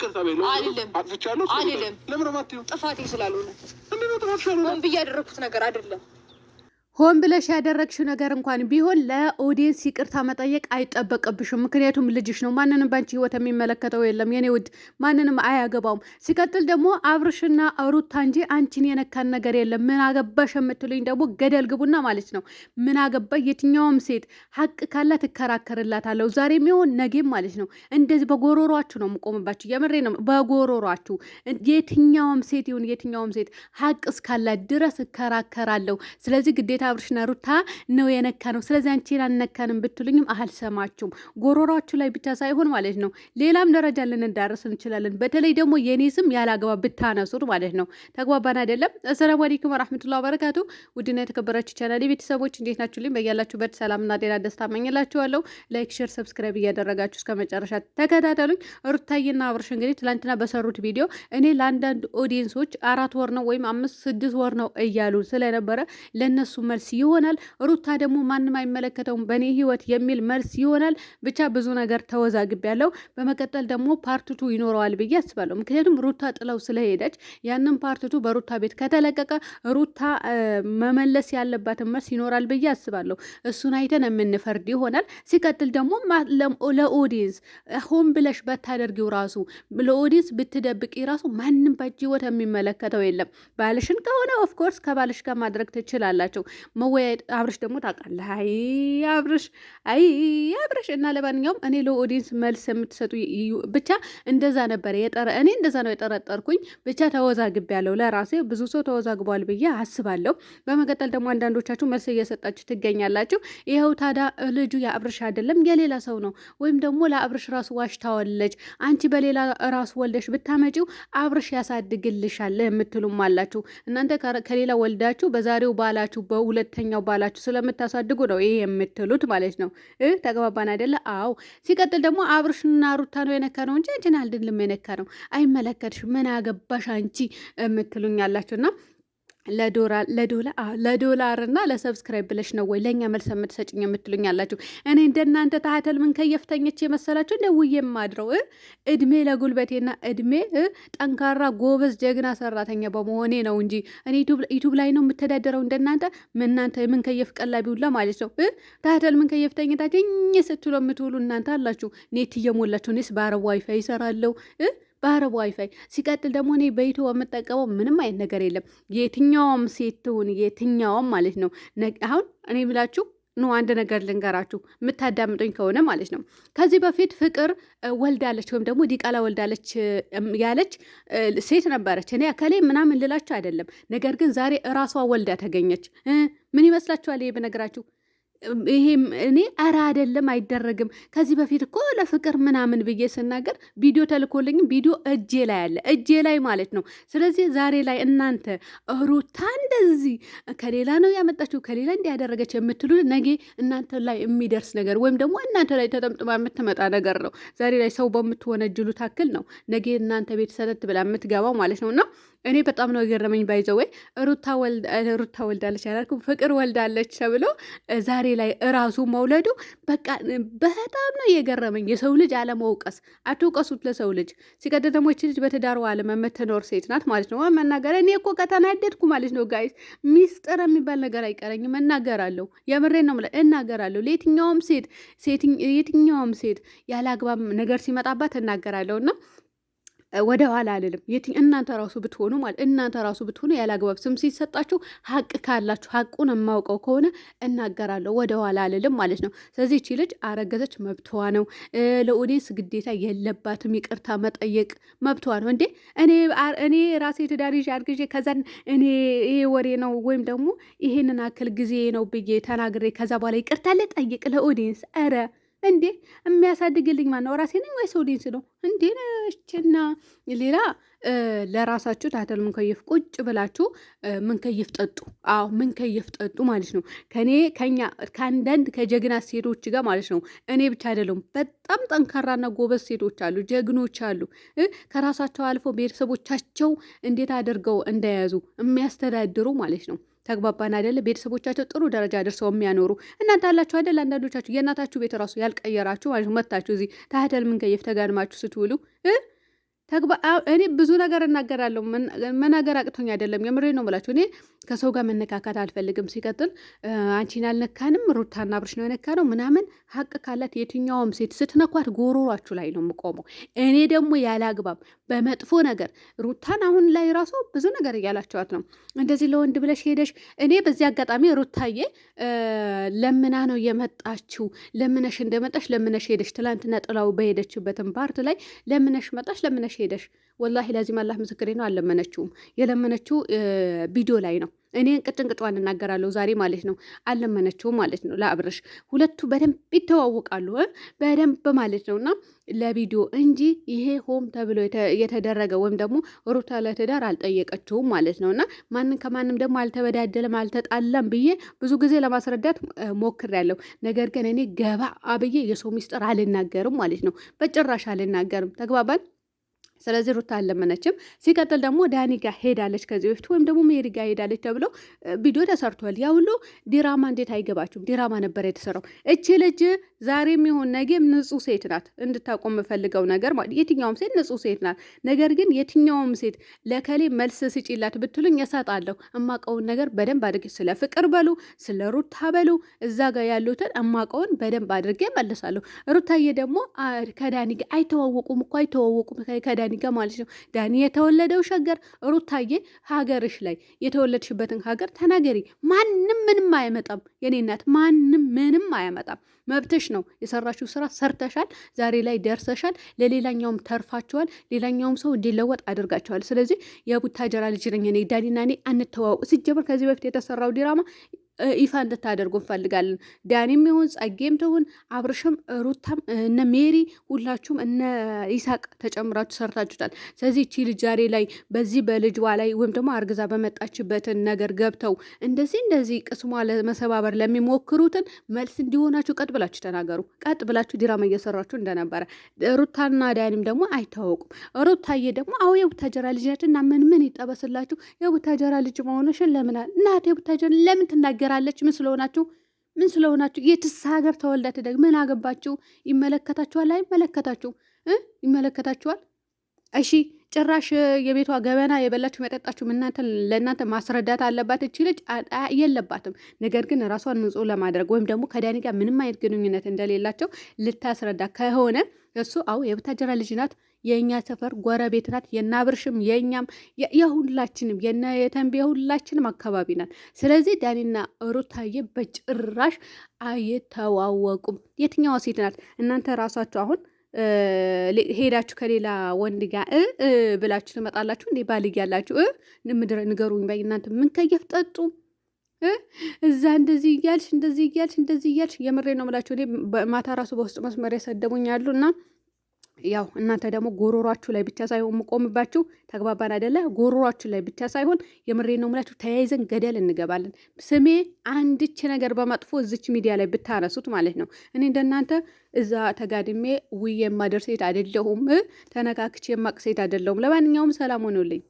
ይቅርታ በይው። አጥፍቻለሁ አይደለም። ለምን ጥፋት ስላልሆነ ሆን ብዬ ያደረኩት ነገር አይደለም ሆን ብለሽ ያደረግሽው ነገር እንኳን ቢሆን ለኦዲየንስ ይቅርታ መጠየቅ አይጠበቅብሽም። ምክንያቱም ልጅሽ ነው። ማንንም በአንቺ ህይወት የሚመለከተው የለም የኔ ውድ፣ ማንንም አያገባውም። ሲቀጥል ደግሞ አብርሽና ሩታ እንጂ አንቺን የነካን ነገር የለም። ምን አገባሽ የምትሉኝ ደግሞ ገደል ግቡና ማለት ነው። ምን አገባ የትኛውም ሴት ሀቅ ካላት እከራከርላታለሁ። ዛሬ የሚሆን ነጌም ማለት ነው። እንደዚህ በጎሮሯችሁ ነው የምቆምባችሁ። የምሬ ነው። በጎሮሯችሁ የትኛውም ሴት ይሁን የትኛውም ሴት ሀቅ እስካላት ድረስ እከራከራለሁ። ስለዚህ ግዴታ እንዴት አብርሽና ሩታ ነው የነካ ነው። ስለዚህ አንቺ አልነካንም ብትሉኝም አልሰማችሁም። ጎሮሯችሁ ላይ ብቻ ሳይሆን ማለት ነው ሌላም ደረጃ ልንዳረስ እንችላለን። በተለይ ደግሞ የኔ ስም ያላግባብ ብታነሱት ማለት ነው። ተግባባን አይደለም? አሰላሙ አለይኩም ወራህመቱላሂ ወበረካቱ። ውድና የተከበራችሁ ቻናል ቤተሰቦች እንዴት ናችሁ? ልኝ በያላችሁበት ሰላምና ጤና ደስታ እመኝላችኋለሁ። ላይክ፣ ሼር፣ ሰብስክራይብ እያደረጋችሁ እስከ መጨረሻ ተከታተሉኝ። ሩታዬና አብርሽ እንግዲህ ትላንትና በሰሩት ቪዲዮ እኔ ለአንዳንድ ኦዲየንሶች አራት ወር ነው ወይም አምስት ስድስት ወር ነው እያሉ ስለነበረ ለእነሱ መልስ ይሆናል። ሩታ ደግሞ ማንም አይመለከተውም በእኔ ህይወት የሚል መልስ ይሆናል። ብቻ ብዙ ነገር ያለው በመቀጠል ደግሞ ፓርትቱ ይኖረዋል ብዬ አስባለሁ። ምክንያቱም ሩታ ጥለው ስለሄደች ያንን ፓርትቱ በሩታ ቤት ከተለቀቀ ሩታ መመለስ ያለባትን መልስ ይኖራል ብዬ አስባለሁ። እሱን አይተን የምንፈርድ ይሆናል። ሲቀጥል ደግሞ ለኦዲየንስ ሆን ብለሽ በታደርጊው ራሱ ለኦዲየንስ ብትደብቂ ራሱ ማንም በእጅ ህይወት የሚመለከተው የለም። ባልሽን ከሆነ ኦፍኮርስ ከባልሽ ጋር ማድረግ ትችላላቸው። መወያየት አብርሽ ደግሞ ታውቃለህ። አይ አብርሽ፣ አይ አብርሽ። እና ለማንኛውም እኔ ለኦዲንስ መልስ የምትሰጡ ብቻ እንደዛ ነበር የጠረ እኔ እንደዛ ነው የጠረጠርኩኝ። ብቻ ተወዛግብ ያለው ለራሴ ብዙ ሰው ተወዛግቧል ብዬ አስባለሁ። በመቀጠል ደግሞ አንዳንዶቻችሁ መልስ እየሰጣችሁ ትገኛላችሁ። ይኸው ታዲያ ልጁ የአብርሽ አይደለም የሌላ ሰው ነው፣ ወይም ደግሞ ለአብርሽ ራሱ ዋሽታዋለች። አንቺ በሌላ ራሱ ወልደሽ ብታመጪው አብርሽ ያሳድግልሻል የምትሉም አላችሁ። እናንተ ከሌላ ወልዳችሁ በዛሬው ባላችሁ በው ሁለተኛው ባላችሁ ስለምታሳድጉ ነው ይሄ የምትሉት ማለት ነው። ተግባባን አይደለ? አዎ። ሲቀጥል ደግሞ አብርሽና ሩታ ነው የነካ ነው እንጂ እንትን አልድልም የነካ ነው። አይመለከትሽ ምን አገባሽ አንቺ የምትሉኝ አላችሁና ለዶላር እና ለሰብስክራይብ ብለሽ ነው ወይ ለእኛ መልስ የምትሰጭኝ የምትሉኝ አላችሁ። እኔ እንደናንተ ታህተል ምን ከየፍተኞች የመሰላችሁ እንደ ውዬ የማድረው እድሜ ለጉልበቴና እድሜ ጠንካራ ጎበዝ ጀግና ሰራተኛ በመሆኔ ነው እንጂ እኔ ዩቱብ ላይ ነው የምተዳደረው። እንደናንተ ምናንተ ምን ከየፍ ቀላቢ ሁላ ማለት ነው ታህተል ምን ከየፍ ተኝታችሁ ስትሎ የምትውሉ እናንተ አላችሁ። ኔት እየሞላችሁ እኔስ በአረብ ዋይፋይ ይሰራለሁ። በአረብ ዋይፋይ። ሲቀጥል ደግሞ እኔ በኢትዮ የምጠቀመው ምንም አይነት ነገር የለም። የትኛውም ሴት ትሁን የትኛውም ማለት ነው። አሁን እኔ ብላችሁ ኑ አንድ ነገር ልንገራችሁ፣ የምታዳምጡኝ ከሆነ ማለት ነው። ከዚህ በፊት ፍቅር ወልዳለች ወይም ደግሞ ዲቃላ ወልዳለች ያለች ሴት ነበረች። እኔ አካሌ ምናምን ልላችሁ አይደለም፣ ነገር ግን ዛሬ እራሷ ወልዳ ተገኘች። ምን ይመስላችኋል ይሄ በነገራችሁ ይሄም እኔ ኧረ አይደለም አይደረግም። ከዚህ በፊት እኮ ለፍቅር ምናምን ብዬ ስናገር ቪዲዮ ተልኮልኝም ቪዲዮ እጄ ላይ አለ እጄ ላይ ማለት ነው። ስለዚህ ዛሬ ላይ እናንተ ሩታ እንደዚህ ከሌላ ነው ያመጣችው ከሌላ እንዲያደረገች የምትሉ ነገ እናንተ ላይ የሚደርስ ነገር ወይም ደግሞ እናንተ ላይ ተጠምጥማ የምትመጣ ነገር ነው። ዛሬ ላይ ሰው በምትወነጅሉ ታክል ነው ነገ እናንተ ቤት ሰተት ብላ የምትገባው ማለት ነው። እና እኔ በጣም ነው የገረመኝ። ባይዘወይ ሩታ ወልዳለች አላልኩም ፍቅር ወልዳለች ተብሎ ዛሬ ዛሬ ላይ እራሱ መውለዱ በቃ በጣም ነው የገረመኝ። የሰው ልጅ አለመውቀስ፣ አትውቀሱት ለሰው ልጅ። ሲቀጥል ደግሞ ይች ልጅ በትዳሩ አለመመተኖር ሴት ናት ማለት ነው መናገር። እኔ እኮ ከተናደድኩ ማለት ነው ጋይስ፣ ሚስጥር የሚባል ነገር አይቀረኝም፣ እናገራለሁ። የምሬ ነው እናገራለሁ። ለየትኛውም ሴት የትኛውም ሴት ያለ አግባብ ነገር ሲመጣባት እና ወደ ኋላ አልልም። የትኝ እናንተ ራሱ ብትሆኑ ማለት እናንተ ራሱ ብትሆኑ ያላግባብ ስም ሲሰጣችሁ ሀቅ ካላችሁ ሀቁን የማውቀው ከሆነ እናገራለሁ። ወደ ኋላ አልልም ማለት ነው። ስለዚህ እቺ ልጅ አረገዘች፣ መብቷ ነው። ለኦዲንስ ግዴታ የለባትም ይቅርታ መጠየቅ መብቷ ነው። እንዴ እኔ እኔ ራሴ ትዳር ይዤ አርግዤ ከዛን እኔ ይሄ ወሬ ነው ወይም ደግሞ ይሄንን አክል ጊዜ ነው ብዬ ተናግሬ ከዛ በኋላ ይቅርታ ልጠይቅ ለኦዲንስ ኧረ እንዴ የሚያሳድግልኝ ማነው? ራሴ ነኝ ወይ ሰው ነው እንዴ? ነችና ሌላ ለራሳችሁ ታተል ምንከይፍ ቁጭ ብላችሁ ምንከይፍ ጠጡ። አዎ ምንከይፍ ጠጡ ማለት ነው። ከኔ ከኛ ከአንዳንድ ከጀግና ሴቶች ጋር ማለት ነው። እኔ ብቻ አይደለም በጣም ጠንካራና ጎበዝ ሴቶች አሉ፣ ጀግኖች አሉ። ከራሳቸው አልፎ ቤተሰቦቻቸው እንዴት አድርገው እንደያዙ የሚያስተዳድሩ ማለት ነው። ተግባባን አይደለ? ቤተሰቦቻቸው ጥሩ ደረጃ ደርሰው የሚያኖሩ እናንተ አላችሁ አይደል? አንዳንዶቻችሁ የእናታችሁ ቤት ራሱ ያልቀየራችሁ ማለት መታችሁ እዚህ ታህተል ምንከየፍ ተጋድማችሁ ስትውሉ እኔ ብዙ ነገር እናገራለሁ። መናገር አቅቶኝ አይደለም፣ የምሬ ነው ብላችሁ። እኔ ከሰው ጋር መነካካት አልፈልግም። ሲቀጥል አንቺን አልነካንም፣ ሩታና አብርሽ ነው የነካ ነው ምናምን። ሀቅ ካላት የትኛውም ሴት ስትነኳት ጎሮሯችሁ ላይ ነው የምቆመው። እኔ ደግሞ ያለ አግባብ በመጥፎ ነገር ሩታን አሁን ላይ ራሱ ብዙ ነገር እያላቸዋት ነው። እንደዚህ ለወንድ ብለሽ ሄደሽ እኔ በዚህ አጋጣሚ ሩታዬ ለምና ነው የመጣችው። ለምነሽ እንደመጣሽ ለምነሽ ሄደሽ ትላንትና ጥላው በሄደችበትን ፓርት ላይ ለምነሽ መጣሽ ለምነሽ ሄደሽ ወላሂ ለዚህ አላህ ምስክሬ ነው። አልለመነችውም። የለመነችው ቪዲዮ ላይ ነው። እኔ እንቅጭንቅጫዋን እናገራለሁ ዛሬ ማለት ነው። አልለመነችውም ማለት ነው። ለአብረሽ ሁለቱ በደንብ ይተዋወቃሉ በደንብ ማለት ነው። እና ለቪዲዮ እንጂ ይሄ ሆም ተብሎ የተደረገ ወይም ደግሞ ሩታ ለትዳር አልጠየቀችውም ማለት ነው። እና ማንም ከማንም ደግሞ አልተበዳደለም፣ አልተጣላም ብዬ ብዙ ጊዜ ለማስረዳት ሞክሬያለሁ። ነገር ግን እኔ ገባ አብዬ የሰው ሚስጥር አልናገርም ማለት ነው። በጭራሽ አልናገርም። ተግባባል ስለዚህ ሩታ አለመነችም። ሲቀጥል ደግሞ ዳኒ ጋር ሄዳለች ከዚህ በፊት ወይም ደግሞ ሜሪ ጋር ሄዳለች ተብሎ ቪዲዮ ተሰርቷል። ያ ሁሉ ዲራማ እንዴት አይገባችሁም? ዲራማ ነበር የተሰራው። እቺ ልጅ ዛሬም ይሁን ነገም ንጹህ ሴት ናት። እንድታቆም የምፈልገው ነገር የትኛውም ሴት ንጹህ ሴት ናት። ነገር ግን የትኛውም ሴት ለከሌ መልስ ስጪላት ብትሉኝ እሰጣለሁ። እማቀውን ነገር በደንብ አድርጌ ስለ ፍቅር በሉ ስለ ሩታ በሉ እዛ ጋር ያሉትን እማቀውን በደንብ አድርጌ መልሳለሁ። ሩታዬ ደግሞ ከዳኒ ጋር አይተዋወቁም እኮ አይተዋወቁም ከዳ ዳኒ ጋር ማለት ነው። ዳኒ የተወለደው ሸገር፣ ሩታዬ ሀገርሽ ላይ የተወለድሽበትን ሀገር ተናገሪ። ማንም ምንም አያመጣም የኔ እናት፣ ማንም ምንም አያመጣም። መብትሽ ነው። የሰራችው ስራ ሰርተሻል፣ ዛሬ ላይ ደርሰሻል። ለሌላኛውም ተርፋችኋል፣ ሌላኛውም ሰው እንዲለወጥ አድርጋችኋል። ስለዚህ የቡታጀራ ልጅ ነኝ እኔ ዳኒና እኔ አንተዋወቅ። ሲጀምር ከዚህ በፊት የተሰራው ዲራማ ይፋ እንድታደርጉ እንፈልጋለን። ዳኒም ይሁን ጸጌም ትሁን አብርሽም፣ ሩታም፣ እነ ሜሪ ሁላችሁም እነ ይሳቅ ተጨምራችሁ ሰርታችሁታል። ስለዚህ ቺ ልጅ ዛሬ ላይ በዚህ በልጅዋ ላይ ወይም ደግሞ አርግዛ በመጣችበትን ነገር ገብተው እንደዚህ እንደዚህ ቅስሟ ለመሰባበር ለሚሞክሩትን መልስ እንዲሆናችሁ ቀጥ ብላችሁ ተናገሩ። ቀጥ ብላችሁ ዲራማ እየሰራችሁ እንደነበረ ሩታና ዳኒም ደግሞ አይታወቁም። ሩታዬ ደግሞ አሁ የቡታጀራ ልጅ ናት እና ምን ምን ይጠበስላችሁ የቡታጀራ ልጅ መሆንሽን ለምናል እናት የቡታጀራ ለምን ትናገር ትናገራለች? ምን ስለሆናችሁ ምን ስለሆናችሁ? የትስ ሀገር ተወልዳ ትደግ ምን አገባችሁ? ይመለከታችኋል? አይመለከታችሁ? ይመለከታችኋል? እሺ ጭራሽ የቤቷ ገበና የበላችሁ መጠጣችሁ እናንተ ለእናንተ ማስረዳት አለባት እቺ ልጅ የለባትም። ነገር ግን ራሷን ንጹሕ ለማድረግ ወይም ደግሞ ከዳኒ ጋር ምንም አይነት ግንኙነት እንደሌላቸው ልታስረዳ ከሆነ እሱ አዎ የብታጀራ ልጅ ናት የእኛ ሰፈር ጎረቤት ናት። የናብርሽም የእኛም የሁላችንም የነ የሁላችንም አካባቢ ናት። ስለዚህ ዳኒና ሩታዬ በጭራሽ አይተዋወቁም። የትኛዋ ሴት ናት? እናንተ ራሳችሁ አሁን ሄዳችሁ ከሌላ ወንድ ጋር ብላችሁ ትመጣላችሁ እንዴ? ባልግ ያላችሁ ምድረ ንገሩኝ ባይ እናንተ ምን ከየፍ ጠጡ እዛ እንደዚህ እያልሽ እንደዚህ እያልሽ እንደዚህ እያልሽ የምሬ ነው የምላችሁ። እኔ ማታ ራሱ በውስጥ መስመር የሰደቡኝ አሉ እና ያው እናንተ ደግሞ ጎሮሯችሁ ላይ ብቻ ሳይሆን የምቆምባችሁ ተግባባን አይደለ? ጎሮሯችሁ ላይ ብቻ ሳይሆን የምሬ ነው ምላችሁ፣ ተያይዘን ገደል እንገባለን። ስሜ አንድች ነገር በመጥፎ እዚች ሚዲያ ላይ ብታነሱት ማለት ነው እኔ እንደናንተ እዛ ተጋድሜ ውዬ የማደር ሴት አይደለሁም። ተነካክቼ የማቅ ሴት አይደለሁም። ለማንኛውም ሰላም ሆኖልኝ